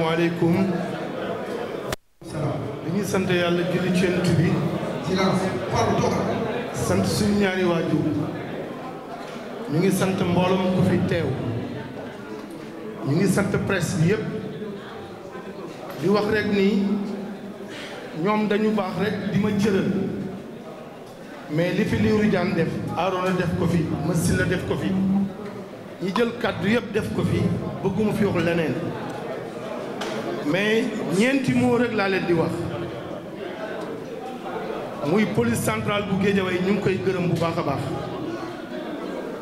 maaleykum salaam dañuy sant yàlla julli cent bi sant suñu ñaari waajur ñu ngi sant mbooloom ku fi teew mu ngi sant presse bi yépp di wax rek nii ñoom dañu baax rek di ma cëral mais li fi li jaan def Arona def ko fi la def ko fi ñi jël kàddu yëpp def ko fi bëgguma fi wax leneen mais ñeenti moo rek laa leen di wax muy police centrale bu Guédiawaye ñu ngi koy gërëm bu baax a baax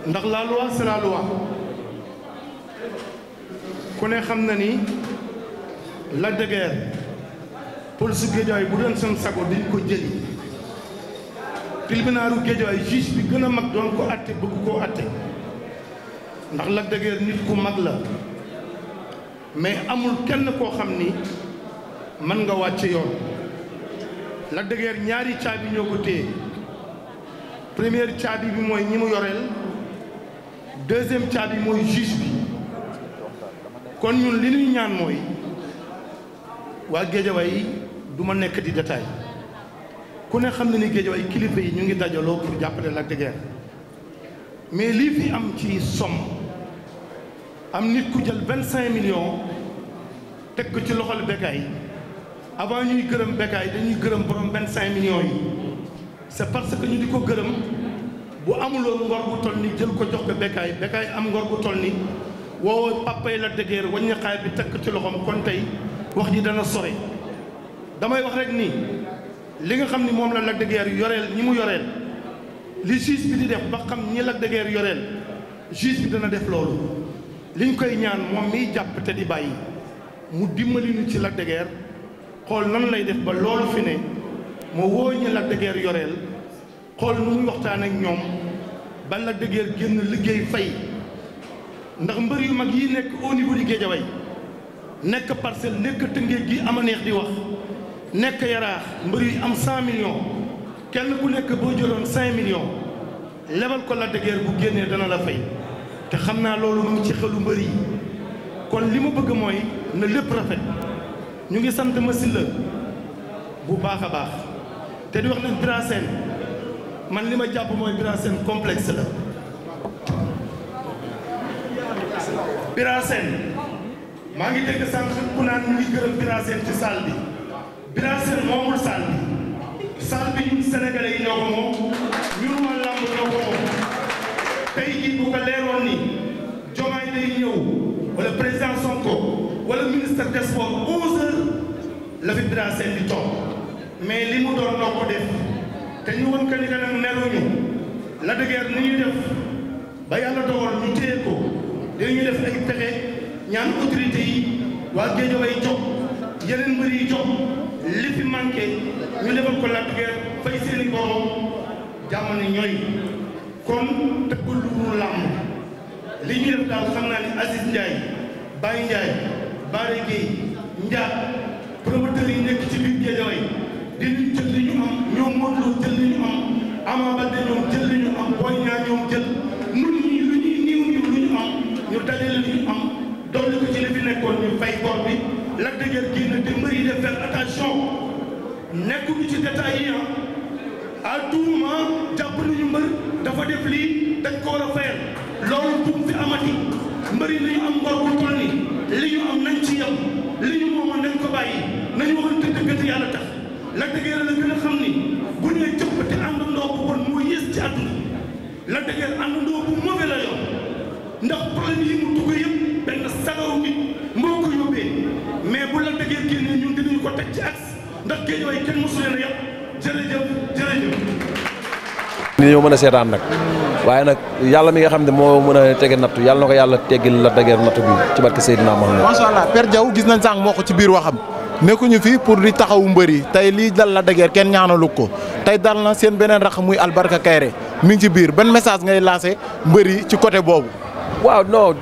ndax la loi c'est la ku ne xam na ni la dëgër police bu Guédiawaye bu doon seen sago dañ ko jëli tribunaalu Géejawaay juge bi gën a mag doon ko atte bëgg koo atte ndax Lac de nit ku mag la mais amul kenn koo xam ni mën nga wàcce yoon Lac de ñaari caabi ñoo ko téye première caabi bi mooy ñi mu yoreel deuxième caabi mooy juge bi kon ñun li ñuy ñaan mooy waa Géejawaay du ma nekk di détail ku ne xam na ni géej waaye kilifa yi ñu ngi dajaloo pour jàppale Lac de Guiers mais lii fi am ci som am nit ku jël vingt cinq millions teg ko ci loxol Bécaye avant ñuy gërëm Bécaye dañuy gërëm borom vingt cinq millions yi c'est parce que ñu di ko gërëm bu amuloon ngor bu toll ni jël ko jox ko Bécaye Bécaye am ngor bu toll ni woow papay la de Guiers wañ na xaay bi teg ko ci loxoom kon tey wax ji dana sore damay wax rek nii li nga xam ni moom la Lac de Guiers yoreel ñi mu yoreel li juge bi di def ba xam ñi Lac de yoreel juge bi dana def loolu liñ koy ñaan moom miy jàpp te di bàyyi mu dimbali ñu ci Lac de xool nan lay def ba loolu fi ne mu woo ñi Lac yoreel xool nu muy waxtaan ak ñoom ba Lac de Guiers génn liggéey fay ndax mbër yu mag yi nekk au niveau liggéey Guédiawaye nekk parcelle nekk tëngéej gi ama neex di wax nekk yaraax mbër yi am 100 millions kenn ku nekk boo jëloon 5 millions lebal ko Lac de bu génnee dana la fay te xam naa loolu mu ci xelu mbër yi kon li mu bëgg mooy na lépp rafet ñu ngi sant Masila bu baax a baax te di wax ne Bira man li ma jàpp mooy Bira Sène complexe la Bira maa ngi dégg sànq ku naan ñu ngi gërëm Bira ci salle bi Birane Sène moomul salle bi salle bi ñun sénégalais yi ñoo ko ñun waa làmb ñoo ko moom tey jii bu ko leeroon ni Diomaye day ñëw wala président Sonko wala ministre des sports 11 la fi Birane Sène di mais li mu doon noo ko def te ñu woon que ni la dëgër ni ñuy def ba yàlla dogal ñu téye ko dinañu def ay pexe ñaan autorité yi waa Guédiawaye jox yeneen mbër yi jox. li fi manqué ñu defal ko la guerre fay seeni borom jamono ñooy kon tëgg lu làmb li ñu daal xam naa ni Aziz Ndiaye Baye Ndiaye Bare Gueye Ndiaye promoteur yi nekk ci biir Guédiawaye dinañ jël li ñu am ñoom Modou jël li ñu am Ama Baldé ñoom jël li ñu am Boy Niang ñoom jël nun lu ñuy ñu am ñu dajale li ñu am dolli ko ci li nekkoon ñu fay bor bi la dëgër génn te mbër yi de faire attention nekkuñu ci détails yi ah. à tout moment jàpp nañu mbër dafa def lii dañ ko war a fayal loolu bu mu fi amati mbër yi nañu am ngor toll nii li ñu am nañ ci yam li ñu moomoon nañ ko bàyyi nañu waxante dëgg te yàlla tax la dëgër la gën a xam ni bu nee jëpp te àndandoo bu bon moo yées bu mauvais la yow ndax problème yi mu dugg yëpp benn sagaw nit député mais bu la dëggee kii nii ñun dinañu ko teg ci ndax géej waay kenn mosu leen a yàq jërëjëf jërëjëf. ni ñoo mën a seetaan nag waaye nag yàlla mi nga xam ne moo mën a tege nattu yàlla na ko yàlla teggil la dageer nattu bi ci barke Seydina Mohamed. macha allah Père Diaw gis nañ sànq moo ko ci biir waxam nekkuñu fi pour di taxawu mbër yi tey lii dal la dageer kenn ñaanalu ko tey dal na seen beneen rax muy Albarka Kairé mi ci biir ban message ngay lancé mbër yi ci côté boobu waaw non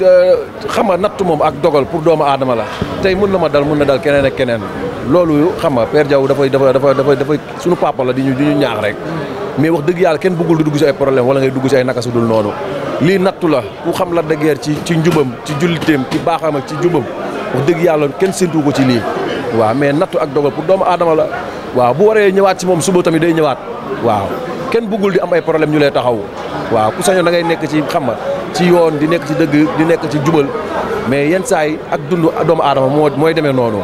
xam nga natt moom ak dogal pour doomu aadama la tey mën na ma dal mun na dal keneen ak keneen loolu xam nga Père Diaw dafay dafa dafa sunu dafay suñu la di ñu di ñu ñaax rek mais wax dëgg yàlla kenn bëggul di dugg si ay problème ngay dugg si naka su dul noonu lii nattu la ku xam la dëggeer ci ci njubam ci julliteem ci baaxam ak ci njubam wax yàlla kenn séntu ko ci lii waaw mais nattu ak dogal pour doomu aadama la waaw bu waree ñëwaat si moom suba tamit day ñëwaat waaw kenn bëggul di am ay problème ñu lay taxaw waaw ku sañoon da ngay nekk ci xam nga si yoon di nekk ci dëgg di nekk ci jubal mais yenn saa yi ak dund doomu aadama moo mooy demee noonu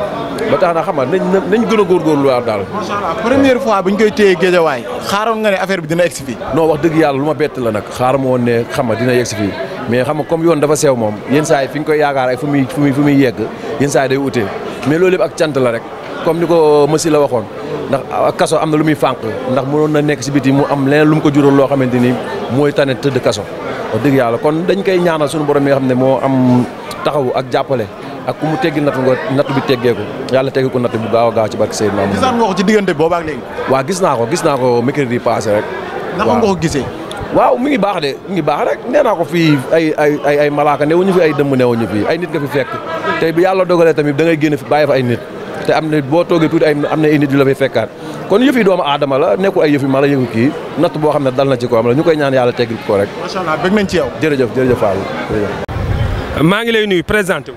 ba tax na xam nga nañ gën a góorgóorlu waaw daal. macha allah première fois bu ñu koy téye géejawaay xaaroon nga ne affaire bi dina egsi fii. non wax dëgg yàlla lu ma bett la nag xaaral ma woon ne xam nga dina yegsi fii mais xam nga comme yoon dafa sew moom yenn saa yi fi nga koy yaakaar ak fu muy fu muy yegg yenn saa yi day utee mais loolu yëpp ak cant la rek comme ni ko Massi la waxoon ndax kaso am na lu muy fànq ndax mënoon na nekk si biti mu am leneen lu ko jural loo xamante ni mooy tane tëdd kaso wax dëgg yàlla kon dañ koy ñaanal suñu boro mi xam ne moo am taxawu ak jàppale ak ku mu teggil natt nga natt bi teggee ko yàlla teggi ko natt bu gaaw a gaaw ci barke Seydina Muhammad. gisaan ko ci diggante boobu ak léegi. gis naa ko gis naa ko mercredi passé rek. waaw naka nga ko gisee. waaw mu ngi baax de mi ngi baax rek nee ko fii ay ay ay ay malaaka newuñu fi ay dëmm newuñu fi ay nit nga fi fekk te bi yàlla dogalee tamit da ngay génn fi bàyyi fa ay nit te am na boo toogee tuuti ay am na ay nit yu la fay fekkaat kon yëf yi doomu aadama la nekkul ay yëf yi mala yëfu kii natt boo xam ne dal na ci koom la ñu koy ñaan yàlla teggil ko rek. macha allah bëgg nañ ci yow. maa ngi lay nuyu présenté wu.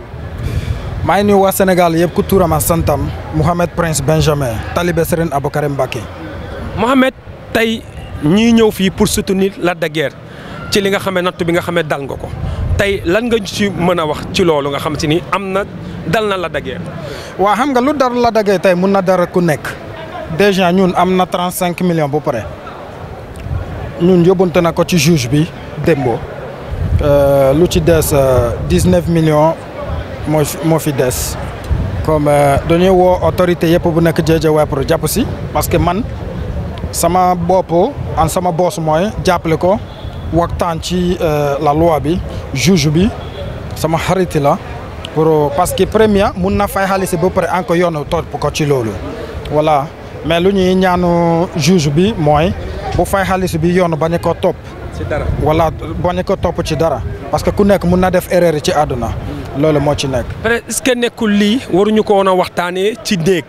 maa ngi nuyu waa Sénégal yëpp ku turam ak santam Mouhamed Prince Benjamin talibé Serigne Aboubacar Mbacké. Mouhamed tey ñii ñëw fii pour soutenir la de ci li nga xam natt bi nga xamee dal nga ko tey lan nga ci mën a wax ci loolu nga xam si ni am na dal na la dagee waa xam nga lu dar la dagee tey mun na dara ku nekk déjà ñun am na trente cinq millions bu pare ñun yóbbante na ko ci juge bi démboo euh, lu ci des euh, dix neuf millions moo moo fi des comme euh, dañuy woo autorité yëpp bu nekk Guédiawaye pour jàpp si parce que man sama bopp an sama boos mooy jàppale ko waxtaan ci la loi bi juge bi sama xarit la parce que premier mun na fay xaalis ba pare encore yoon topp ko ci loolu voilà mais lu ñuy ñaanu juge bi mooy bu fay xaalis bi yoon ba ko topp. ci dara nekk bañ topp ci dara parce que ku nekk mun na def erreur ci àdduna. loolu moo ci nekk. est-ce que nekkul lii waruñu ko woon a waxtaanee ci néeg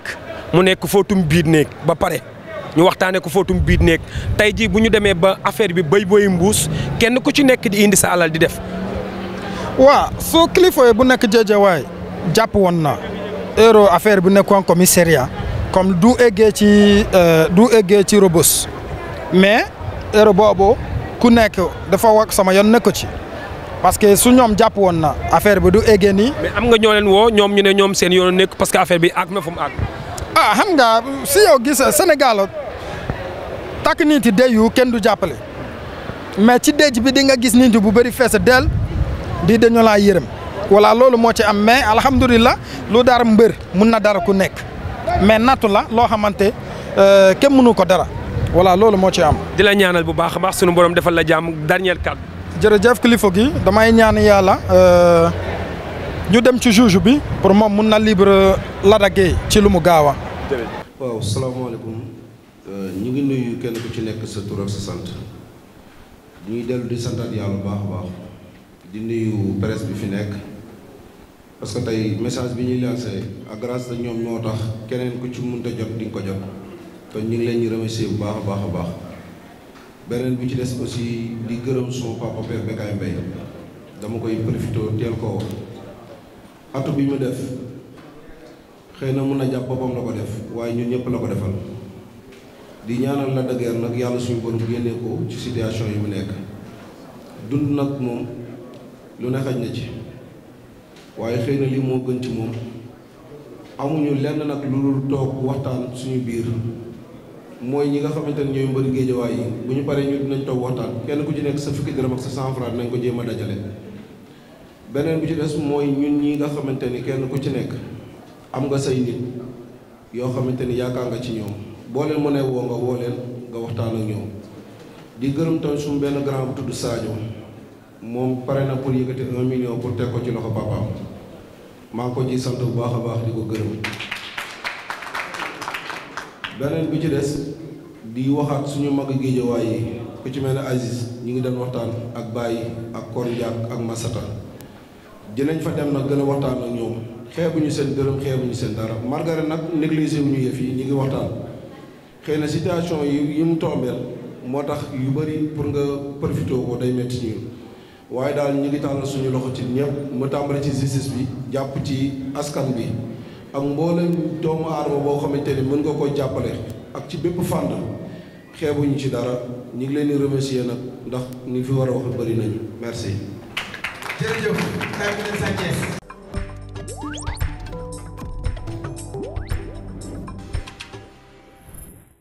mu nekk fóotum biir néeg ba pare ñu waxtaanee ko fóotum biir néeg tey jii bu ñu demee ba affaire bi béy booy mbuus kenn ku ci nekk di indi sa alal di def. waaw soo kilifa bu nekk Géejawaay jàpp woon na euro affaire bi nekkoon commissariat comme du eggee ci euh, du eggee ci robos mais euro boobu ku nekk dafa wax sama yoon nekk ci parce que su ñoom jàpp woon na affaire bi du eggee ni mais am nga ñoo leen woo ñoom ñu ne ñoom seen yoon nekk parce que affaire bi àgg na fu mu àgg. ah xam nga si yow gis Sénégal takk nit yi kenn du jàppale mais ci déj bi di nga gis nit bu bëri fees del di dañu laa yërëm voilà loolu moo ci am mais alhamdulilah lu dara mbër mun na dara ku nekk mais nattu la loo xamante euh, kenn mënu ko dara voilà loolu moo ci am. di la ñaanal bu baax a baax sunu borom defal la jàmm dernier cadre. jërëjëf kilifa gi damay ñaan yàlla euh, ñu dem ci juge bi pour moom mun na libre Lac 2 ci lu mu gaaw a. Euh, ñu ngi nuyu ci nekk sa di nuyu presse bi fi nekk parce que tey message bi ñuy lancé à grâce de ñoom ñoo tax keneen ku ci mënta jot di nga ko jot kon ñu ngi leen di remercier bu baax a baax a baax beneen bi ci des aussi di gërëm suma papa père Bécaye Mbaye dama koy profité teel koo wax atu bi mu def xëy na mun a jàpp boppam la ko def waaye ñun ñëpp la ko defal di ñaanal la dëgër nag yàlla suñu borom génnee ko ci situation yi mu nekk dund nag moom lu ne xaj na ci waaye xëy na li moo gën ci moom amuñu lenn nag lu dul toog waxtaan suñu biir mooy ñi nga xamante ne ñooy mbëri géejawaay yi bu ñu paree ñu dinañ toog waxtaan kenn ku ci nekk sa fukki dërëm ak sa cent franc nañ ko jéem dajale beneen bu ci des mooy ñun ñi nga xamante ni kenn ku ci nekk am nga say nit yoo xamante ni yaakaar nga ci ñoom boo leen mënee woo nga woo leen nga waxtaan ak ñoom di gërëm tam suñu benn grand bu tudd Sadio moom pare na pour yëkkati un million pour teg ko ci loxo papaam maa ko ciy sant bu baax a baax di ko gërëm beneen bi ci des di waxaat suñu mag géejawaay yi ku ci mel ne Aziz ñu ngi doon waxtaan ak Baye ak Kor Ndiak ak Masata dinañ fa dem na gën a waxtaan ak ñoom xeebuñu seen dërëm xeebuñu seen dara Margaret nag négligé wuñu yëf yi ñu ngi waxtaan xëy na situation yi yi mu tombeel moo tax yu bëri pour nga profité ko day métti ñun waaye daal ñu ngi tàllal suñu loxo ci ñëpp mu tàmbali ci justice bi jàpp ci askan bi ak mboolem doomu aadama boo xamante ni mën nga koo jàppale ak ci bépp fànn xeebuñu ci dara ñu ngi leen di remercier nag ndax ñu fi war a wax bari nañu merci. jërëjëf.